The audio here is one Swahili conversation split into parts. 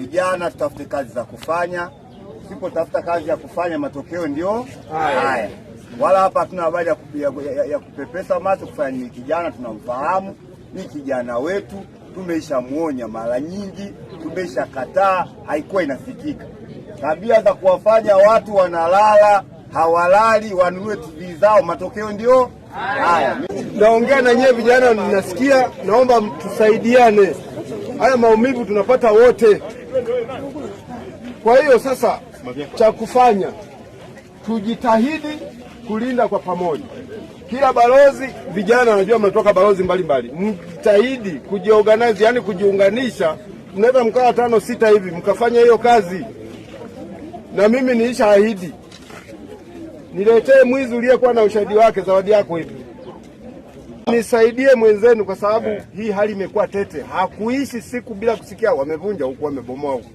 Vijana tutafute kazi za kufanya, tusipotafuta kazi ya kufanya matokeo ndio haya. Wala hapa hatuna habari ya, ya, ya kupepesa macho kufanya Ni Kijana tunamfahamu ni kijana wetu, tumeishamwonya mara nyingi, tumeisha kataa, haikuwa inasikika. Tabia za kuwafanya watu wanalala hawalali wanunue TV zao, matokeo ndio haya. Naongea na nyewe vijana, ninasikia, naomba tusaidiane, haya maumivu tunapata wote. Kwa hiyo sasa, cha kufanya tujitahidi kulinda kwa pamoja. Kila balozi, vijana wanajua, mnatoka balozi mbalimbali, mjitahidi kujiorganize, yani kujiunganisha. Mnaweza mkawa tano sita hivi mkafanya hiyo kazi, na mimi niisha ahidi, niletee mwizi uliyekuwa na ushahidi wake, zawadi yako hivi nisaidie mwenzenu, kwa sababu yeah, hii hali imekuwa tete. Hakuishi siku bila kusikia wamevunja huku, wamebomoa huku.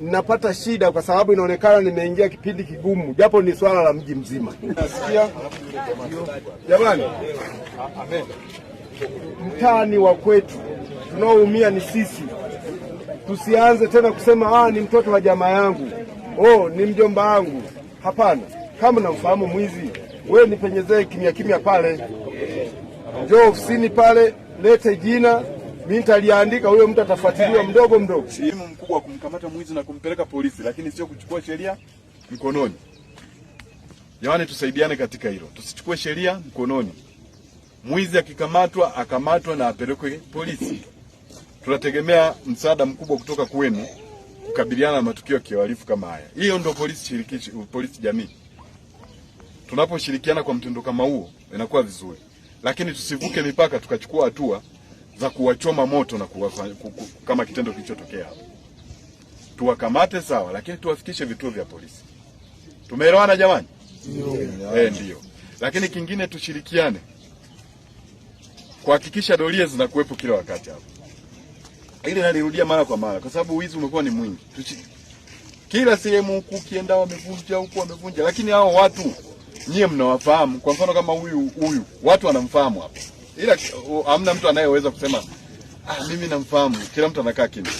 Napata shida kwa sababu inaonekana nimeingia kipindi kigumu, japo ni swala la mji mzima. Nasikia jamani, mtaani wa kwetu tunaoumia ni sisi. Tusianze tena kusema ah, ni mtoto wa jamaa yangu, oh, ni mjomba wangu. Hapana, kama namfahamu mwizi, wewe nipenyezee kimya kimya pale njoo ofisini pale, lete jina, mimi nitaliandika, huyo mtu atafuatiliwa mdogo mdogo. Simu mkubwa kumkamata mwizi na kumpeleka polisi, lakini sio kuchukua sheria mkononi. Jamani, tusaidiane katika hilo, tusichukue sheria mkononi. Mwizi akikamatwa akamatwa na apelekwe polisi. Tunategemea msaada mkubwa kutoka kwenu kukabiliana na matukio ya kihalifu kama haya. Hiyo ndio polisi shirikishi, polisi jamii. Tunaposhirikiana kwa mtindo kama huo inakuwa vizuri lakini tusivuke mipaka tukachukua hatua za kuwachoma moto na kuwafanya, kama kitendo kilichotokea hapo Tuwakamate sawa, lakini tuwafikishe vituo vya polisi. Tumeelewana jamani? Ndio. Eh, ndio. Lakini kingine tushirikiane kuhakikisha doria zinakuwepo kila wakati hapo. Ile nalirudia mara kwa mara kwa sababu wizi umekuwa ni mwingi. Tuchi... Kila sehemu huku ukienda wamevunja huku wamevunja, lakini hao watu nyie mnawafahamu. Kwa mfano kama huyu huyu, watu wanamfahamu hapa, ila hamna mtu anayeweza kusema ah, mimi namfahamu. Kila mtu anakaa kimya.